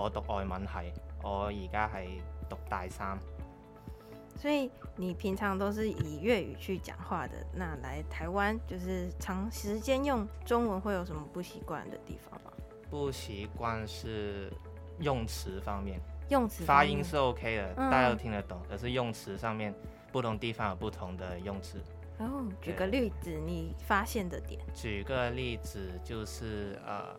我讀外文系，我而家係讀大三。所以你平常都是以粵語去講話的，那來台灣就是長時間用中文，會有什麼不習慣的地方嗎？不習慣是用詞方面，用詞發音是 OK 的，嗯、大家都聽得懂，可是用詞上面不同地方有不同的用詞。哦，舉個例子，對你發現的點？舉個例子就是，呃